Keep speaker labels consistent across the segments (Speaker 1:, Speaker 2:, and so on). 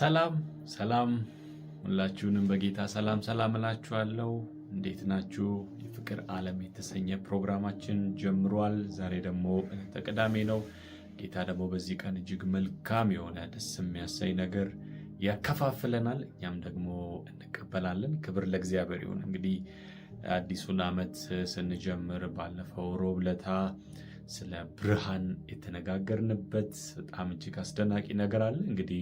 Speaker 1: ሰላም ሰላም ሁላችሁንም በጌታ ሰላም ሰላም እላችኋለሁ። እንዴት ናችሁ? የፍቅር ዓለም የተሰኘ ፕሮግራማችን ጀምሯል። ዛሬ ደግሞ ተቀዳሜ ነው። ጌታ ደግሞ በዚህ ቀን እጅግ መልካም የሆነ ደስ የሚያሳይ ነገር ያከፋፍለናል፣ እኛም ደግሞ እንቀበላለን። ክብር ለእግዚአብሔር ይሁን። እንግዲህ አዲሱን ዓመት ስንጀምር ባለፈው ሮብ ለታ ስለ ብርሃን የተነጋገርንበት በጣም እጅግ አስደናቂ ነገር አለ። እንግዲህ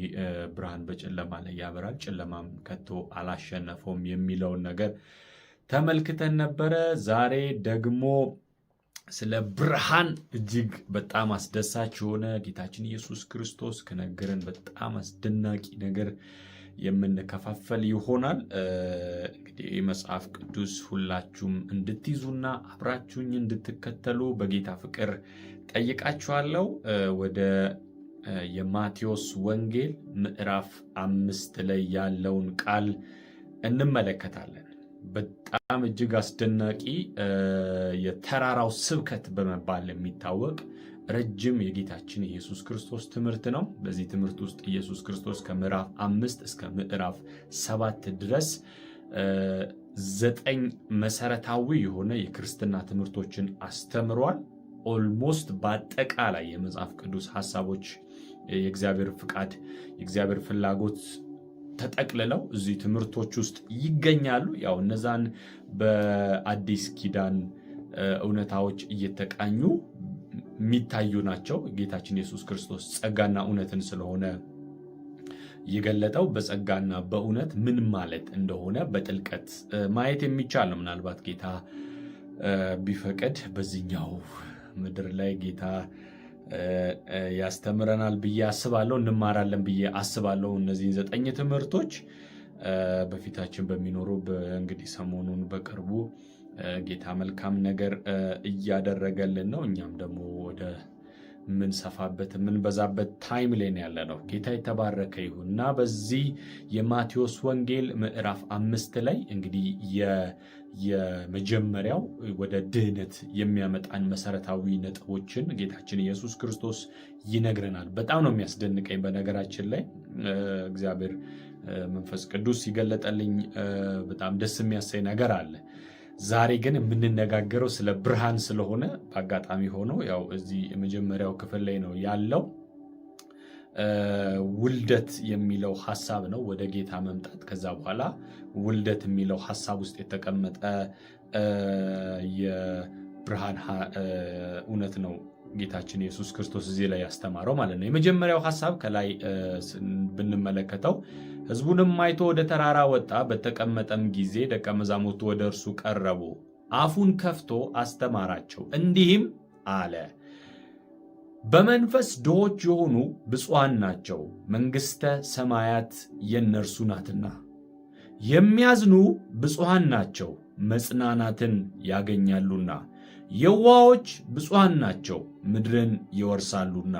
Speaker 1: ብርሃን በጨለማ ላይ ያበራል፣ ጨለማም ከቶ አላሸነፈውም የሚለውን ነገር ተመልክተን ነበረ። ዛሬ ደግሞ ስለ ብርሃን እጅግ በጣም አስደሳች የሆነ ጌታችን ኢየሱስ ክርስቶስ ከነገረን በጣም አስደናቂ ነገር የምንከፋፈል ይሆናል። እንግዲህ የመጽሐፍ ቅዱስ ሁላችሁም እንድትይዙና አብራችሁኝ እንድትከተሉ በጌታ ፍቅር ጠይቃችኋለሁ። ወደ የማቴዎስ ወንጌል ምዕራፍ አምስት ላይ ያለውን ቃል እንመለከታለን። በጣም እጅግ አስደናቂ የተራራው ስብከት በመባል የሚታወቅ ረጅም የጌታችን ኢየሱስ ክርስቶስ ትምህርት ነው። በዚህ ትምህርት ውስጥ ኢየሱስ ክርስቶስ ከምዕራፍ አምስት እስከ ምዕራፍ ሰባት ድረስ ዘጠኝ መሰረታዊ የሆነ የክርስትና ትምህርቶችን አስተምሯል። ኦልሞስት በአጠቃላይ የመጽሐፍ ቅዱስ ሀሳቦች፣ የእግዚአብሔር ፍቃድ፣ የእግዚአብሔር ፍላጎት ተጠቅልለው እዚህ ትምህርቶች ውስጥ ይገኛሉ። ያው እነዛን በአዲስ ኪዳን እውነታዎች እየተቃኙ የሚታዩ ናቸው። ጌታችን ኢየሱስ ክርስቶስ ጸጋና እውነትን ስለሆነ የገለጠው በጸጋና በእውነት ምን ማለት እንደሆነ በጥልቀት ማየት የሚቻል ነው። ምናልባት ጌታ ቢፈቅድ በዚህኛው ምድር ላይ ጌታ ያስተምረናል ብዬ አስባለሁ። እንማራለን ብዬ አስባለሁ እነዚህን ዘጠኝ ትምህርቶች በፊታችን በሚኖሩ እንግዲህ ሰሞኑን በቅርቡ ጌታ መልካም ነገር እያደረገልን ነው። እኛም ደግሞ ወደ ምንሰፋበት የምንበዛበት ታይም ላይ ያለ ነው። ጌታ የተባረከ ይሁን እና በዚህ የማቴዎስ ወንጌል ምዕራፍ አምስት ላይ እንግዲህ የመጀመሪያው ወደ ድህነት የሚያመጣን መሰረታዊ ነጥቦችን ጌታችን ኢየሱስ ክርስቶስ ይነግረናል። በጣም ነው የሚያስደንቀኝ በነገራችን ላይ እግዚአብሔር መንፈስ ቅዱስ ሲገለጠልኝ በጣም ደስ የሚያሳይ ነገር አለ። ዛሬ ግን የምንነጋገረው ስለ ብርሃን ስለሆነ በአጋጣሚ ሆኖ ያው እዚህ የመጀመሪያው ክፍል ላይ ነው ያለው ውልደት የሚለው ሀሳብ ነው። ወደ ጌታ መምጣት ከዛ በኋላ ውልደት የሚለው ሀሳብ ውስጥ የተቀመጠ የብርሃን እውነት ነው። ጌታችን ኢየሱስ ክርስቶስ እዚህ ላይ ያስተማረው ማለት ነው። የመጀመሪያው ሀሳብ ከላይ ብንመለከተው ሕዝቡንም አይቶ ወደ ተራራ ወጣ። በተቀመጠም ጊዜ ደቀ መዛሙርቱ ወደ እርሱ ቀረቡ። አፉን ከፍቶ አስተማራቸው፣ እንዲህም አለ። በመንፈስ ድሆች የሆኑ ብፁዓን ናቸው፣ መንግሥተ ሰማያት የእነርሱ ናትና። የሚያዝኑ ብፁዓን ናቸው፣ መጽናናትን ያገኛሉና። የዋዎች ብፁዓን ናቸው፣ ምድርን ይወርሳሉና።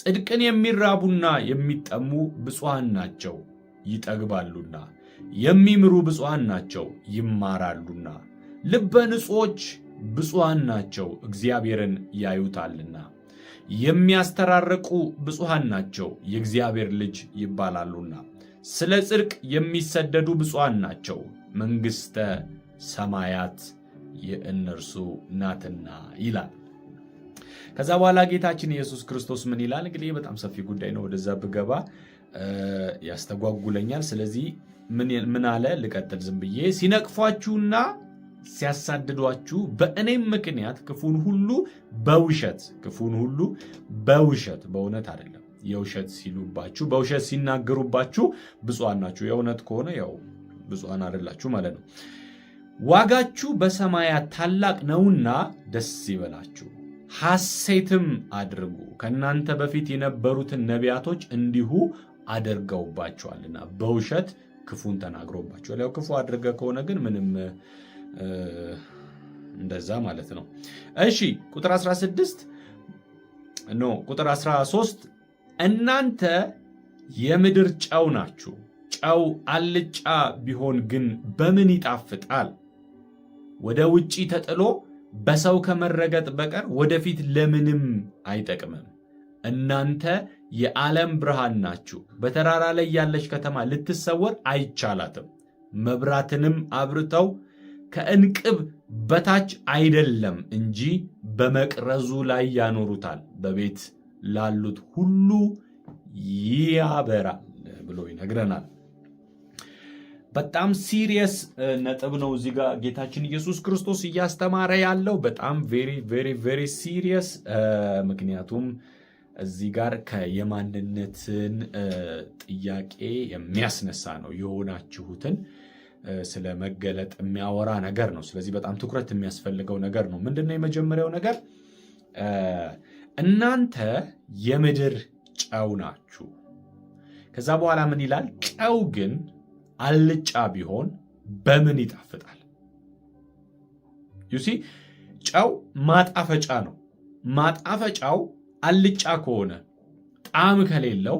Speaker 1: ጽድቅን የሚራቡና የሚጠሙ ብፁዓን ናቸው፣ ይጠግባሉና፣ የሚምሩ ብፁዓን ናቸው ይማራሉና፣ ልበ ንጹዎች ብፁዓን ናቸው እግዚአብሔርን ያዩታልና፣ የሚያስተራርቁ ብፁዓን ናቸው የእግዚአብሔር ልጅ ይባላሉና፣ ስለ ጽድቅ የሚሰደዱ ብፁዓን ናቸው መንግሥተ ሰማያት የእነርሱ ናትና ይላል። ከዛ በኋላ ጌታችን ኢየሱስ ክርስቶስ ምን ይላል? እንግዲህ በጣም ሰፊ ጉዳይ ነው። ወደዛ ብገባ ያስተጓጉለኛል። ስለዚህ ምን አለ ልቀጥል ዝም ብዬ ሲነቅፏችሁና ሲያሳድዷችሁ በእኔም ምክንያት ክፉን ሁሉ በውሸት ክፉን ሁሉ በውሸት በእውነት አይደለም የውሸት ሲሉባችሁ በውሸት ሲናገሩባችሁ ብፁዓን ናችሁ። የእውነት ከሆነ ያው ብፁዓን አይደላችሁ ማለት ነው። ዋጋችሁ በሰማያት ታላቅ ነውና ደስ ይበላችሁ ሐሴትም አድርጉ። ከእናንተ በፊት የነበሩትን ነቢያቶች እንዲሁ አድርገውባቸዋልና በውሸት ክፉን ተናግሮባቸዋል። ያው ክፉ አድርገ ከሆነ ግን ምንም እንደዛ ማለት ነው። እሺ ቁጥር 16 ኖ ቁጥር 13 እናንተ የምድር ጨው ናችሁ። ጨው አልጫ ቢሆን ግን በምን ይጣፍጣል? ወደ ውጪ ተጥሎ በሰው ከመረገጥ በቀር ወደፊት ለምንም አይጠቅምም። እናንተ የዓለም ብርሃን ናችሁ። በተራራ ላይ ያለች ከተማ ልትሰወር አይቻላትም። መብራትንም አብርተው ከእንቅብ በታች አይደለም እንጂ በመቅረዙ ላይ ያኖሩታል፣ በቤት ላሉት ሁሉ ያበራል ብሎ ይነግረናል። በጣም ሲሪየስ ነጥብ ነው። እዚህ ጋር ጌታችን ኢየሱስ ክርስቶስ እያስተማረ ያለው በጣም ቬሪ ቬሪ ቬሪ ሲሪየስ ምክንያቱም እዚህ ጋር የማንነትን ጥያቄ የሚያስነሳ ነው። የሆናችሁትን ስለ መገለጥ የሚያወራ ነገር ነው። ስለዚህ በጣም ትኩረት የሚያስፈልገው ነገር ነው። ምንድነው የመጀመሪያው ነገር? እናንተ የምድር ጨው ናችሁ። ከዛ በኋላ ምን ይላል? ጨው ግን አልጫ ቢሆን በምን ይጣፍጣል? ዩሲ ጨው ማጣፈጫ ነው። ማጣፈጫው አልጫ ከሆነ ጣዕም ከሌለው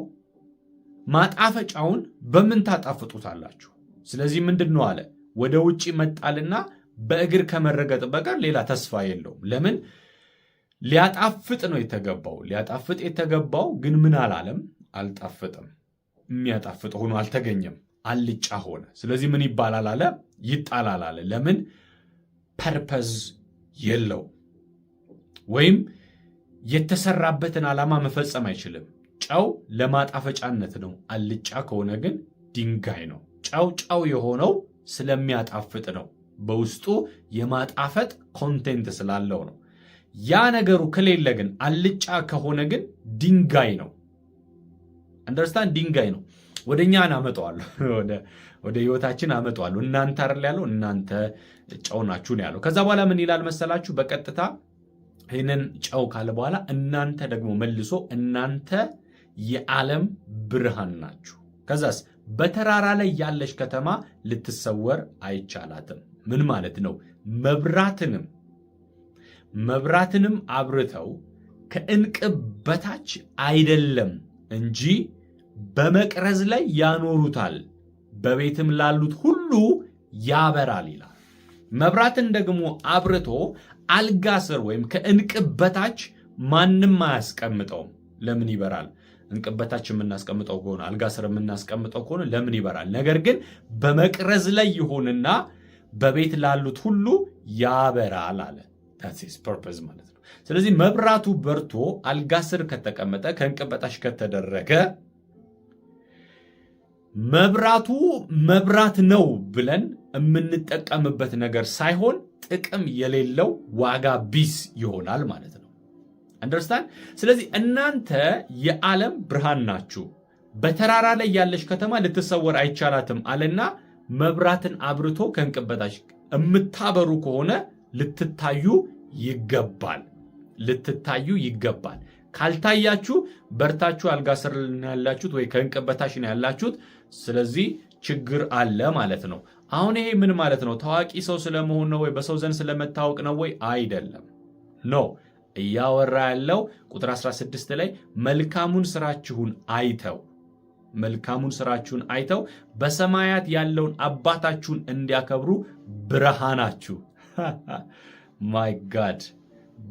Speaker 1: ማጣፈጫውን በምን ታጣፍጡታላችሁ? ስለዚህ ምንድን ነው አለ ወደ ውጭ መጣልና በእግር ከመረገጥ በቀር ሌላ ተስፋ የለውም። ለምን ሊያጣፍጥ ነው የተገባው። ሊያጣፍጥ የተገባው ግን ምን አላለም? አልጣፍጥም። የሚያጣፍጥ ሆኖ አልተገኘም። አልጫ ሆነ። ስለዚህ ምን ይባላል አለ ይጣላል አለ። ለምን ፐርፐዝ የለው ወይም የተሰራበትን ዓላማ መፈጸም አይችልም። ጨው ለማጣፈጫነት ነው። አልጫ ከሆነ ግን ድንጋይ ነው። ጨው ጨው የሆነው ስለሚያጣፍጥ ነው። በውስጡ የማጣፈጥ ኮንቴንት ስላለው ነው። ያ ነገሩ ከሌለ ግን አልጫ ከሆነ ግን ድንጋይ ነው። አንደርስታንድ ድንጋይ ነው። ወደ እኛን አመጠዋሉ፣ ወደ ህይወታችን አመጠዋሉ። እናንተ አይደል ያለው እናንተ ጨው ናችሁ ነው ያለው። ከዛ በኋላ ምን ይላል መሰላችሁ በቀጥታ ይህንን ጨው ካለ በኋላ እናንተ ደግሞ መልሶ እናንተ የዓለም ብርሃን ናችሁ። ከዛስ በተራራ ላይ ያለች ከተማ ልትሰወር አይቻላትም። ምን ማለት ነው? መብራትንም መብራትንም አብርተው ከእንቅብ በታች አይደለም እንጂ በመቅረዝ ላይ ያኖሩታል፣ በቤትም ላሉት ሁሉ ያበራል ይላል። መብራትን ደግሞ አብርቶ አልጋ ስር ወይም ከእንቅብ በታች ማንም አያስቀምጠውም። ለምን ይበራል? እንቅብ በታች የምናስቀምጠው ከሆነ አልጋ ስር የምናስቀምጠው ከሆነ ለምን ይበራል? ነገር ግን በመቅረዝ ላይ ይሁንና በቤት ላሉት ሁሉ ያበራል አለ። ፐርፐዝ ማለት ነው። ስለዚህ መብራቱ በርቶ አልጋ ስር ከተቀመጠ ከእንቅብ በታች ከተደረገ መብራቱ መብራት ነው ብለን የምንጠቀምበት ነገር ሳይሆን ጥቅም የሌለው ዋጋ ቢስ ይሆናል ማለት ነው። አንደርስታንድ። ስለዚህ እናንተ የዓለም ብርሃን ናችሁ። በተራራ ላይ ያለች ከተማ ልትሰወር አይቻላትም አለና መብራትን አብርቶ ከእንቅብ በታች የምታበሩ ከሆነ ልትታዩ ይገባል። ልትታዩ ይገባል። ካልታያችሁ በርታችሁ አልጋ ስር ያላችሁት፣ ወይ ከእንቅብ በታች ነው ያላችሁት። ስለዚህ ችግር አለ ማለት ነው። አሁን ይሄ ምን ማለት ነው? ታዋቂ ሰው ስለመሆን ነው ወይ? በሰው ዘንድ ስለመታወቅ ነው ወይ? አይደለም። ኖ እያወራ ያለው ቁጥር 16 ላይ መልካሙን ስራችሁን አይተው መልካሙን ስራችሁን አይተው በሰማያት ያለውን አባታችሁን እንዲያከብሩ ብርሃናችሁ ማይ ጋድ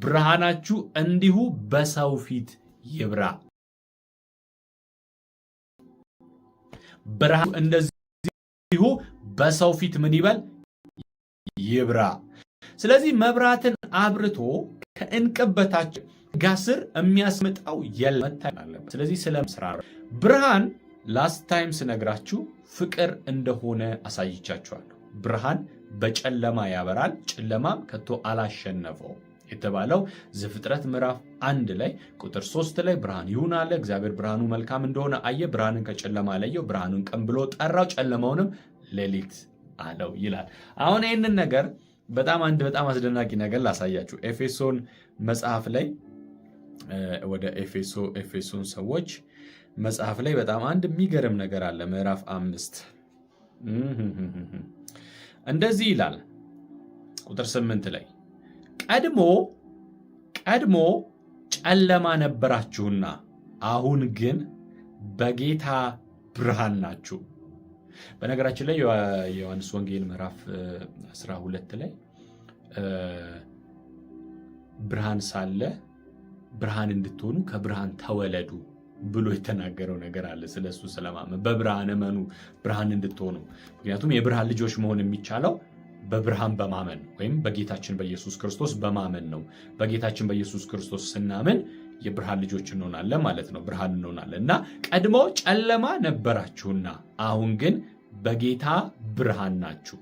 Speaker 1: ብርሃናችሁ እንዲሁ በሰው ፊት ይብራ። ብርሃን እንደዚሁ በሰው ፊት ምን ይበል ይብራ። ስለዚህ መብራትን አብርቶ ከእንቅብ በታች ጋስር የሚያስመጣው የለም። ስለዚህ ስለ ስራ ብርሃን ላስት ታይም ስነግራችሁ ፍቅር እንደሆነ አሳይቻችኋለሁ። ብርሃን በጨለማ ያበራል፣ ጨለማም ከቶ አላሸነፈው የተባለው ዘፍጥረት ምዕራፍ አንድ ላይ ቁጥር ሶስት ላይ ብርሃን ይሁን አለ። እግዚአብሔር ብርሃኑ መልካም እንደሆነ አየ፣ ብርሃንን ከጨለማ ለየው። ብርሃኑን ቀን ብሎ ጠራው፣ ጨለማውንም ሌሊት አለው ይላል። አሁን ይህንን ነገር በጣም አንድ በጣም አስደናቂ ነገር ላሳያችሁ። ኤፌሶን መጽሐፍ ላይ ወደ ኤፌሶን ሰዎች መጽሐፍ ላይ በጣም አንድ የሚገርም ነገር አለ። ምዕራፍ አምስት እንደዚህ ይላል ቁጥር ስምንት ላይ ቀድሞ ቀድሞ ጨለማ ነበራችሁና አሁን ግን በጌታ ብርሃን ናችሁ በነገራችን ላይ የዮሐንስ ወንጌል ምዕራፍ 12 ላይ ብርሃን ሳለ ብርሃን እንድትሆኑ ከብርሃን ተወለዱ ብሎ የተናገረው ነገር አለ። ስለሱ ስለማመን በብርሃን እመኑ፣ ብርሃን እንድትሆኑ። ምክንያቱም የብርሃን ልጆች መሆን የሚቻለው በብርሃን በማመን ወይም በጌታችን በኢየሱስ ክርስቶስ በማመን ነው። በጌታችን በኢየሱስ ክርስቶስ ስናምን የብርሃን ልጆች እንሆናለን ማለት ነው። ብርሃን እንሆናለን እና ቀድሞ ጨለማ ነበራችሁና አሁን ግን በጌታ ብርሃን ናችሁ።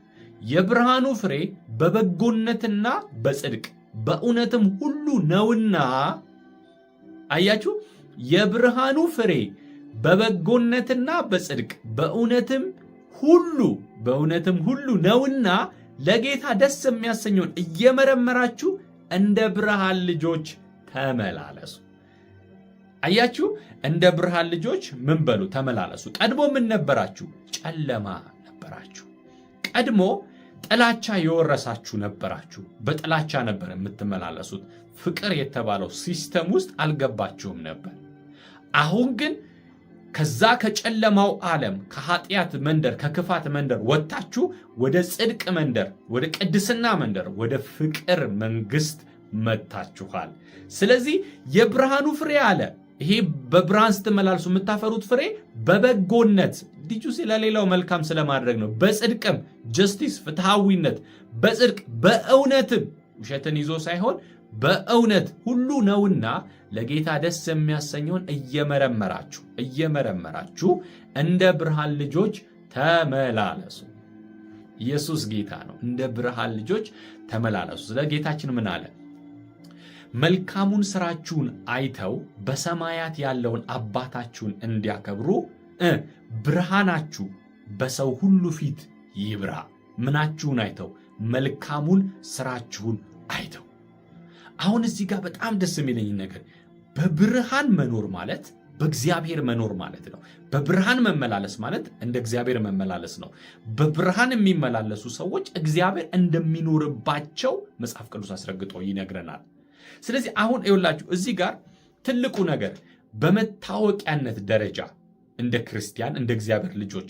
Speaker 1: የብርሃኑ ፍሬ በበጎነትና በጽድቅ በእውነትም ሁሉ ነውና። አያችሁ፣ የብርሃኑ ፍሬ በበጎነትና በጽድቅ በእውነትም ሁሉ በእውነትም ሁሉ ነውና ለጌታ ደስ የሚያሰኘውን እየመረመራችሁ እንደ ብርሃን ልጆች ተመላለሱ። አያችሁ፣ እንደ ብርሃን ልጆች ምን በሉ ተመላለሱ። ቀድሞ ምን ነበራችሁ? ጨለማ ነበራችሁ። ቀድሞ ጥላቻ የወረሳችሁ ነበራችሁ። በጥላቻ ነበር የምትመላለሱት። ፍቅር የተባለው ሲስተም ውስጥ አልገባችሁም ነበር። አሁን ግን ከዛ ከጨለማው ዓለም ከኃጢአት መንደር ከክፋት መንደር ወጥታችሁ ወደ ጽድቅ መንደር፣ ወደ ቅድስና መንደር፣ ወደ ፍቅር መንግስት መጥታችኋል። ስለዚህ የብርሃኑ ፍሬ አለ ይሄ በብርሃን ስትመላልሱ የምታፈሩት ፍሬ በበጎነት ዲጁስ ለሌላው መልካም ስለማድረግ ነው። በጽድቅም ጀስቲስ፣ ፍትሐዊነት፣ በጽድቅ በእውነትም ውሸትን ይዞ ሳይሆን በእውነት ሁሉ ነውና ለጌታ ደስ የሚያሰኘውን እየመረመራችሁ እየመረመራችሁ እንደ ብርሃን ልጆች ተመላለሱ። ኢየሱስ ጌታ ነው። እንደ ብርሃን ልጆች ተመላለሱ። ስለ ጌታችን ምን አለ? መልካሙን ስራችሁን አይተው በሰማያት ያለውን አባታችሁን እንዲያከብሩ ብርሃናችሁ በሰው ሁሉ ፊት ይብራ። ምናችሁን አይተው? መልካሙን ስራችሁን አይተው። አሁን እዚህ ጋር በጣም ደስ የሚለኝ ነገር በብርሃን መኖር ማለት በእግዚአብሔር መኖር ማለት ነው። በብርሃን መመላለስ ማለት እንደ እግዚአብሔር መመላለስ ነው። በብርሃን የሚመላለሱ ሰዎች እግዚአብሔር እንደሚኖርባቸው መጽሐፍ ቅዱስ አስረግጦ ይነግረናል። ስለዚህ አሁን ይውላችሁ እዚህ ጋር ትልቁ ነገር በመታወቂያነት ደረጃ እንደ ክርስቲያን እንደ እግዚአብሔር ልጆች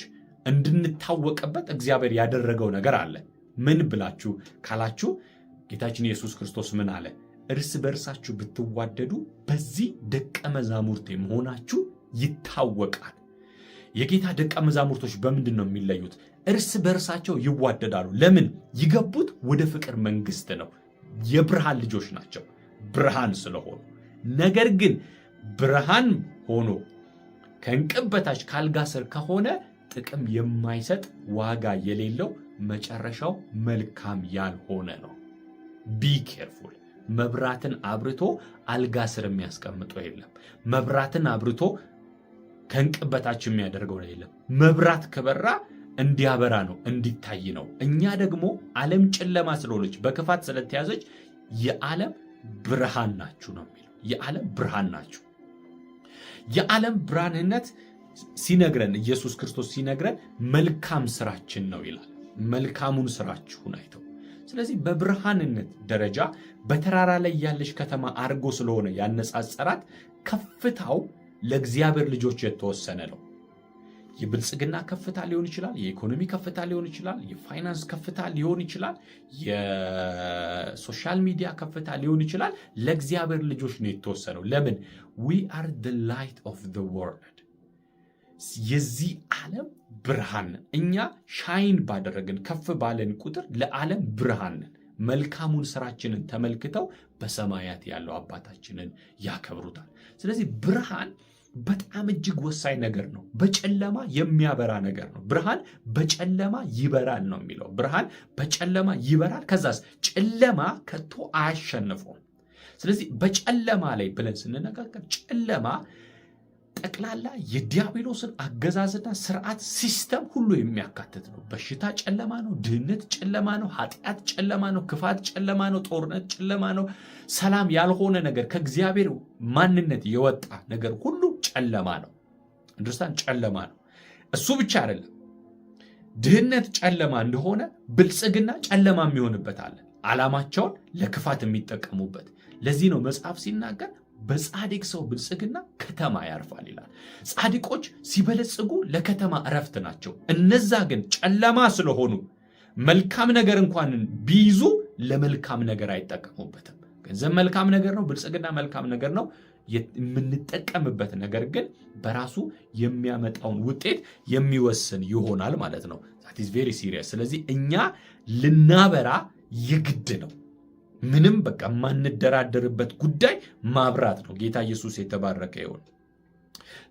Speaker 1: እንድንታወቅበት እግዚአብሔር ያደረገው ነገር አለ። ምን ብላችሁ ካላችሁ ጌታችን ኢየሱስ ክርስቶስ ምን አለ? እርስ በእርሳችሁ ብትዋደዱ በዚህ ደቀ መዛሙርቴ መሆናችሁ ይታወቃል። የጌታ ደቀ መዛሙርቶች በምንድን ነው የሚለዩት? እርስ በእርሳቸው ይዋደዳሉ። ለምን? ይገቡት ወደ ፍቅር መንግስት ነው። የብርሃን ልጆች ናቸው። ብርሃን ስለሆኑ ነገር ግን ብርሃን ሆኖ ከእንቅብ በታች ካልጋ ስር ከሆነ ጥቅም የማይሰጥ ዋጋ የሌለው መጨረሻው መልካም ያልሆነ ነው። ቢኬርፉል መብራትን አብርቶ አልጋ ስር የሚያስቀምጠው የለም። መብራትን አብርቶ ከእንቅብ በታች የሚያደርገው የለም። መብራት ከበራ እንዲያበራ ነው፣ እንዲታይ ነው። እኛ ደግሞ ዓለም ጨለማ ስለሆነች በክፋት ስለተያዘች የዓለም ብርሃን ናችሁ ነው የሚለው። የዓለም ብርሃን ናችሁ። የዓለም ብርሃንነት ሲነግረን ኢየሱስ ክርስቶስ ሲነግረን መልካም ስራችን ነው ይላል። መልካሙን ስራችሁን አይተው ስለዚህ በብርሃንነት ደረጃ በተራራ ላይ ያለች ከተማ አድርጎ ስለሆነ ያነጻጸራት ከፍታው ለእግዚአብሔር ልጆች የተወሰነ ነው። የብልጽግና ከፍታ ሊሆን ይችላል፣ የኢኮኖሚ ከፍታ ሊሆን ይችላል፣ የፋይናንስ ከፍታ ሊሆን ይችላል፣ የሶሻል ሚዲያ ከፍታ ሊሆን ይችላል። ለእግዚአብሔር ልጆች ነው የተወሰነው። ለምን? ዊ አር ደ ላይት ኦፍ ደ ወርልድ፣ የዚህ ዓለም ብርሃን ነን እኛ። ሻይን ባደረግን ከፍ ባለን ቁጥር ለዓለም ብርሃን ነን። መልካሙን ስራችንን ተመልክተው በሰማያት ያለው አባታችንን ያከብሩታል። ስለዚህ ብርሃን በጣም እጅግ ወሳኝ ነገር ነው። በጨለማ የሚያበራ ነገር ነው። ብርሃን በጨለማ ይበራል ነው የሚለው። ብርሃን በጨለማ ይበራል። ከዛስ ጨለማ ከቶ አያሸንፈውም። ስለዚህ በጨለማ ላይ ብለን ስንነጋገር ጨለማ ጠቅላላ የዲያብሎስን አገዛዝና ስርዓት ሲስተም ሁሉ የሚያካትት ነው። በሽታ ጨለማ ነው። ድህነት ጨለማ ነው። ኃጢአት ጨለማ ነው። ክፋት ጨለማ ነው። ጦርነት ጨለማ ነው። ሰላም ያልሆነ ነገር ከእግዚአብሔር ማንነት የወጣ ነገር ሁሉ ጨለማ ነው። አንደርስታን ጨለማ ነው። እሱ ብቻ አይደለም። ድህነት ጨለማ እንደሆነ ብልጽግና ጨለማ የሚሆንበት አለ። ዓላማቸውን ለክፋት የሚጠቀሙበት። ለዚህ ነው መጽሐፍ ሲናገር በጻድቅ ሰው ብልጽግና ከተማ ያርፋል ይላል። ጻድቆች ሲበለጽጉ ለከተማ እረፍት ናቸው። እነዛ ግን ጨለማ ስለሆኑ መልካም ነገር እንኳን ቢይዙ ለመልካም ነገር አይጠቀሙበትም። ገንዘብ መልካም ነገር ነው። ብልጽግና መልካም ነገር ነው። የምንጠቀምበት ነገር ግን በራሱ የሚያመጣውን ውጤት የሚወስን ይሆናል ማለት ነው። ዛት ኢዝ ቬሪ ሲሪየስ። ስለዚህ እኛ ልናበራ የግድ ነው። ምንም በቃ የማንደራደርበት ጉዳይ ማብራት ነው። ጌታ ኢየሱስ የተባረከ ይሆን።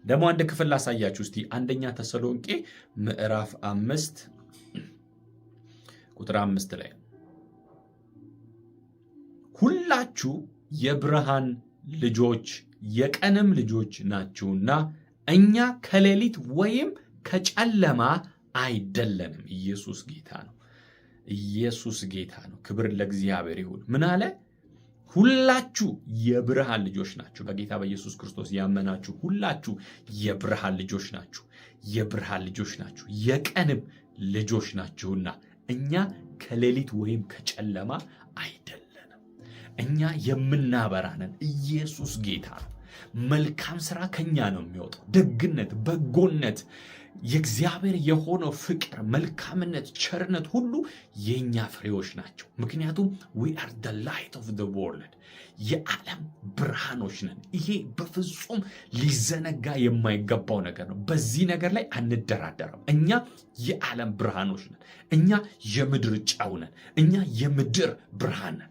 Speaker 1: ደግሞ አንድ ክፍል ላሳያችሁ እስቲ አንደኛ ተሰሎንቄ ምዕራፍ አምስት ቁጥር አምስት ላይ ሁላችሁ የብርሃን ልጆች የቀንም ልጆች ናችሁና እኛ ከሌሊት ወይም ከጨለማ አይደለንም። ኢየሱስ ጌታ ነው። ኢየሱስ ጌታ ነው። ክብር ለእግዚአብሔር ይሁን። ምን አለ? ሁላችሁ የብርሃን ልጆች ናችሁ። በጌታ በኢየሱስ ክርስቶስ ያመናችሁ ሁላችሁ የብርሃን ልጆች ናችሁ። የብርሃን ልጆች ናችሁ፣ የቀንም ልጆች ናችሁና እኛ ከሌሊት ወይም ከጨለማ አይደለም። እኛ የምናበራ ነን። ኢየሱስ ጌታ ነው። መልካም ስራ ከኛ ነው የሚወጣው። ደግነት፣ በጎነት፣ የእግዚአብሔር የሆነው ፍቅር፣ መልካምነት፣ ቸርነት ሁሉ የእኛ ፍሬዎች ናቸው። ምክንያቱም ዊ አር ደ ላይት ኦፍ ደ ወርልድ የዓለም ብርሃኖች ነን። ይሄ በፍጹም ሊዘነጋ የማይገባው ነገር ነው። በዚህ ነገር ላይ አንደራደርም። እኛ የዓለም ብርሃኖች ነን። እኛ የምድር ጨው ነን። እኛ የምድር ብርሃን ነን።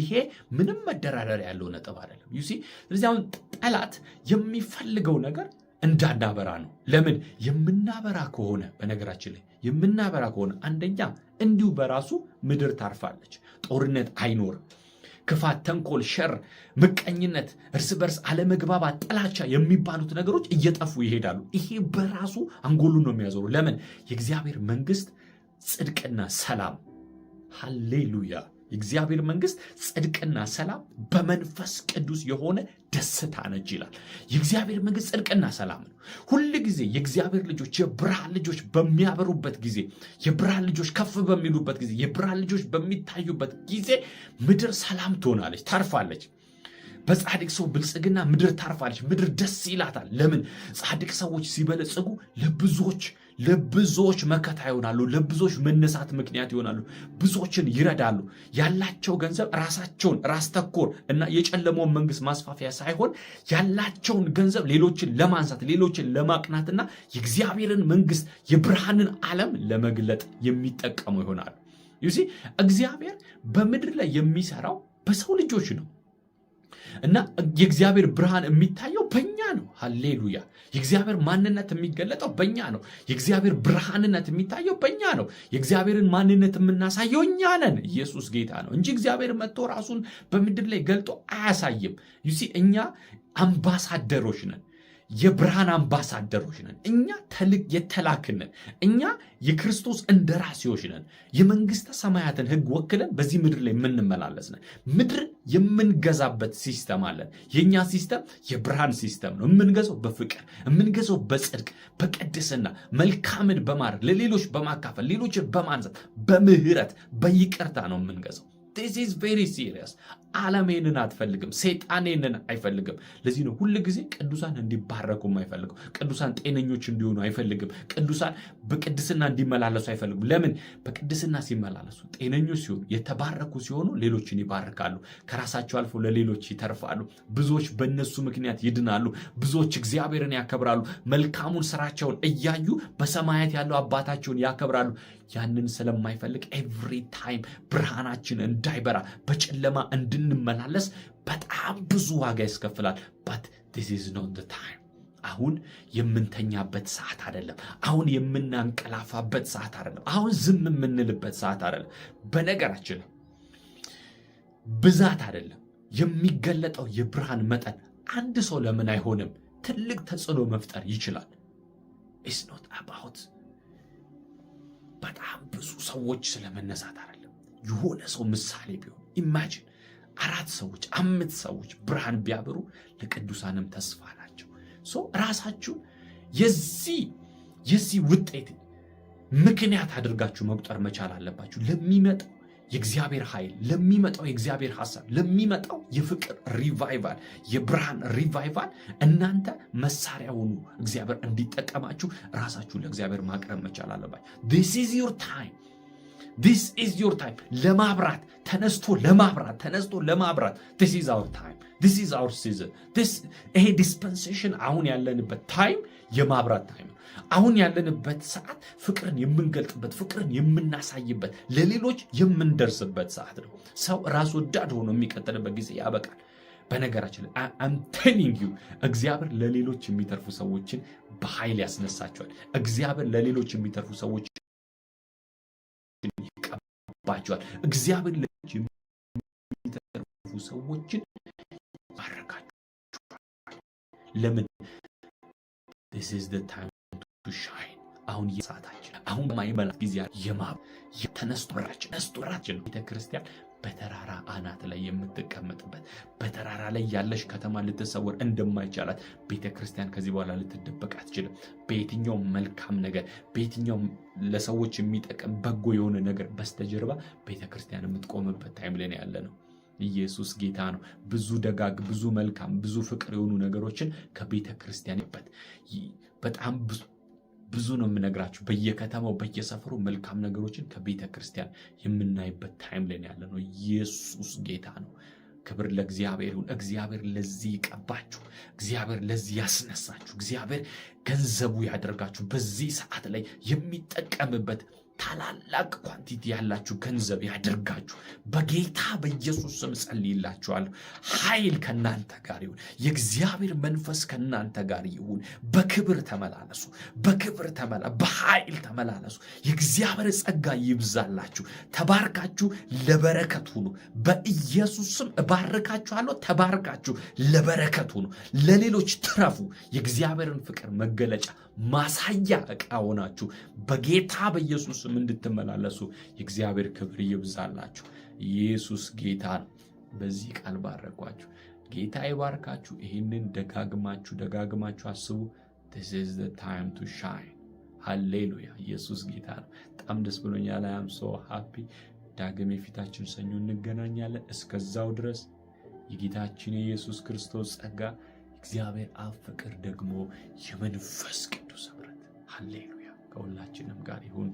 Speaker 1: ይሄ ምንም መደራደሪያ ያለው ነጥብ አይደለም። ዩሲ ስለዚህ አሁን ጠላት የሚፈልገው ነገር እንዳናበራ ነው። ለምን የምናበራ ከሆነ በነገራችን ላይ የምናበራ ከሆነ አንደኛ እንዲሁ በራሱ ምድር ታርፋለች፣ ጦርነት አይኖርም። ክፋት፣ ተንኮል፣ ሸር፣ ምቀኝነት፣ እርስ በርስ አለመግባባት፣ ጥላቻ የሚባሉት ነገሮች እየጠፉ ይሄዳሉ። ይሄ በራሱ አንጎሉን ነው የሚያዞሩ። ለምን የእግዚአብሔር መንግስት ጽድቅና ሰላም። ሃሌሉያ የእግዚአብሔር መንግስት ጽድቅና ሰላም በመንፈስ ቅዱስ የሆነ ደስታ ነች ይላል። የእግዚአብሔር መንግስት ጽድቅና ሰላም ነው። ሁል ጊዜ የእግዚአብሔር ልጆች የብርሃን ልጆች በሚያበሩበት ጊዜ፣ የብርሃን ልጆች ከፍ በሚሉበት ጊዜ፣ የብርሃን ልጆች በሚታዩበት ጊዜ ምድር ሰላም ትሆናለች፣ ታርፋለች። በጻድቅ ሰው ብልጽግና ምድር ታርፋለች፣ ምድር ደስ ይላታል። ለምን? ጻድቅ ሰዎች ሲበለጽጉ ለብዙዎች ለብዙዎች መከታ ይሆናሉ። ለብዙዎች መነሳት ምክንያት ይሆናሉ። ብዙዎችን ይረዳሉ። ያላቸው ገንዘብ ራሳቸውን ራስ ተኮር እና የጨለመውን መንግስት ማስፋፊያ ሳይሆን ያላቸውን ገንዘብ ሌሎችን ለማንሳት ሌሎችን ለማቅናትና የእግዚአብሔርን መንግስት የብርሃንን ዓለም ለመግለጥ የሚጠቀሙ ይሆናሉ። ዩሲ እግዚአብሔር በምድር ላይ የሚሰራው በሰው ልጆች ነው። እና የእግዚአብሔር ብርሃን የሚታየው በኛ ነው። ሀሌሉያ! የእግዚአብሔር ማንነት የሚገለጠው በኛ ነው። የእግዚአብሔር ብርሃንነት የሚታየው በኛ ነው። የእግዚአብሔርን ማንነት የምናሳየው እኛ ነን። ኢየሱስ ጌታ ነው እንጂ እግዚአብሔር መጥቶ ራሱን በምድር ላይ ገልጦ አያሳይም። ዩሲ እኛ አምባሳደሮች ነን። የብርሃን አምባሳደሮች ነን። እኛ ተልክ የተላክነን እኛ የክርስቶስ እንደራሴዎች ነን። የመንግስተ ሰማያትን ሕግ ወክለን በዚህ ምድር ላይ የምንመላለስ ነን። ምድር የምንገዛበት ሲስተም አለን። የእኛ ሲስተም የብርሃን ሲስተም ነው። የምንገዛው በፍቅር የምንገዛው በጽድቅ በቅድስና መልካምን በማድረግ ለሌሎች በማካፈል ሌሎችን በማንሳት በምህረት በይቅርታ ነው የምንገዛው። ዚስ ኢዝ ቬሪ ሲሪየስ። ዓለም ይህንን አትፈልግም። ሴጣን ይህንን አይፈልግም። ለዚህ ነው ሁል ጊዜ ቅዱሳን እንዲባረኩም አይፈልግም። ቅዱሳን ጤነኞች እንዲሆኑ አይፈልግም። ቅዱሳን በቅድስና እንዲመላለሱ አይፈልግም። ለምን? በቅድስና ሲመላለሱ ጤነኞች ሲሆኑ የተባረኩ ሲሆኑ ሌሎችን ይባርካሉ። ከራሳቸው አልፎ ለሌሎች ይተርፋሉ። ብዙዎች በእነሱ ምክንያት ይድናሉ። ብዙዎች እግዚአብሔርን ያከብራሉ። መልካሙን ስራቸውን እያዩ በሰማያት ያለው አባታቸውን ያከብራሉ። ያንን ስለማይፈልግ ኤቭሪ ታይም ብርሃናችን እንዳይበራ በጨለማ እንድንመላለስ በጣም ብዙ ዋጋ ያስከፍላል። በት ዚስ ኢዝ ኖት ታይም አሁን የምንተኛበት ሰዓት አይደለም። አሁን የምናንቀላፋበት ሰዓት አይደለም። አሁን ዝም የምንልበት ሰዓት አይደለም። በነገራችን ብዛት አይደለም የሚገለጠው የብርሃን መጠን። አንድ ሰው ለምን አይሆንም? ትልቅ ተጽዕኖ መፍጠር ይችላል። ኢትስ ኖት አባውት በጣም ብዙ ሰዎች ስለመነሳት አይደለም፣ የሆነ ሰው ምሳሌ ቢሆን ኢማጂን አራት ሰዎች አምስት ሰዎች ብርሃን ቢያበሩ ለቅዱሳንም ተስፋ ናቸው። ራሳችሁ የዚህ የዚህ ውጤት ምክንያት አድርጋችሁ መቁጠር መቻል አለባችሁ ለሚመጣው የእግዚአብሔር ኃይል ለሚመጣው የእግዚአብሔር ሀሳብ ለሚመጣው የፍቅር ሪቫይቫል የብርሃን ሪቫይቫል እናንተ መሳሪያ ሁኑ። እግዚአብሔር እንዲጠቀማችሁ ራሳችሁ ለእግዚአብሔር ማቅረብ መቻል አለባችሁ። ዲስ ኢዝ ዮር ታይም ዲስ ኢዝ ዮር ታይም ለማብራት ተነስቶ ለማብራት ተነስቶ ለማብራት ዲስ ኢዝ አወር ታይም ዲስ ኢዝ ሲዝን ይሄ ዲስፐንሴሽን አሁን ያለንበት ታይም የማብራት ታይም አሁን ያለንበት ሰዓት ፍቅርን የምንገልጥበት፣ ፍቅርን የምናሳይበት፣ ለሌሎች የምንደርስበት ሰዓት ነው። ሰው ራስ ወዳድ ሆኖ የሚቀጥልበት ጊዜ ያበቃል። በነገራችን አም ቴሊንግ ዩ እግዚአብሔር ለሌሎች የሚተርፉ ሰዎችን በኃይል ያስነሳቸዋል። እግዚአብሔር ለሌሎች የሚተርፉ ሰዎች ይቀባቸዋል። እግዚአብሔር ለሌሎች የሚተርፉ ሰዎችን ይባረካቸዋል። ለምን? ስ ታ ብሻይን አሁን የሰዓታችን አሁን በማይመላት ጊዜ የማብ የተነስቶራችን ነስቶራችን ቤተ ክርስቲያን በተራራ አናት ላይ የምትቀመጥበት በተራራ ላይ ያለሽ ከተማ ልትሰወር እንደማይቻላት ቤተ ክርስቲያን ከዚህ በኋላ ልትደበቅ አትችልም። በየትኛውም መልካም ነገር፣ በየትኛውም ለሰዎች የሚጠቅም በጎ የሆነ ነገር በስተጀርባ ቤተ ክርስቲያን የምትቆምበት ታይም ላይ ያለ ነው። ኢየሱስ ጌታ ነው። ብዙ ደጋግ፣ ብዙ መልካም፣ ብዙ ፍቅር የሆኑ ነገሮችን ከቤተ ክርስቲያን በት በጣም ብዙ ብዙ ነው የምነግራችሁ። በየከተማው በየሰፈሩ መልካም ነገሮችን ከቤተ ክርስቲያን የምናይበት ታይም ላይ ያለ ነው። ኢየሱስ ጌታ ነው። ክብር ለእግዚአብሔር ይሁን። እግዚአብሔር ለዚህ ይቀባችሁ። እግዚአብሔር ለዚህ ያስነሳችሁ። እግዚአብሔር ገንዘቡ ያደርጋችሁ። በዚህ ሰዓት ላይ የሚጠቀምበት ታላላቅ ኳንቲቲ ያላችሁ ገንዘብ ያድርጋችሁ። በጌታ በኢየሱስ ስም ጸልይላችኋለሁ። ኃይል ከእናንተ ጋር ይሁን። የእግዚአብሔር መንፈስ ከእናንተ ጋር ይሁን። በክብር ተመላለሱ፣ በክብር ተመላ በኃይል ተመላለሱ። የእግዚአብሔር ጸጋ ይብዛላችሁ። ተባርካችሁ ለበረከት ሁኑ። በኢየሱስ ስም እባርካችኋለሁ። ተባርካችሁ ለበረከት ሁኑ። ለሌሎች ትረፉ። የእግዚአብሔርን ፍቅር መገለጫ ማሳያ እቃ ሆናችሁ በጌታ በኢየሱስም እንድትመላለሱ የእግዚአብሔር ክብር ይብዛላችሁ። ኢየሱስ ጌታ ነው። በዚህ ቃል ባረኳችሁ። ጌታ ይባርካችሁ። ይህንን ደጋግማችሁ ደጋግማችሁ አስቡ። this is the ሃሌሉያ። ኢየሱስ ጌታ ነው። በጣም ደስ ብሎኛል። አይ አም ሶ ሃፒ። ዳግም የፊታችን ሰኞ እንገናኛለን። እስከዛው ድረስ የጌታችን የኢየሱስ ክርስቶስ ጸጋ የእግዚአብሔር አብ ፍቅር ደግሞ የመንፈስ ቅዱስ ኅብረት ሀሌሉያ ከሁላችንም ጋር ይሁን።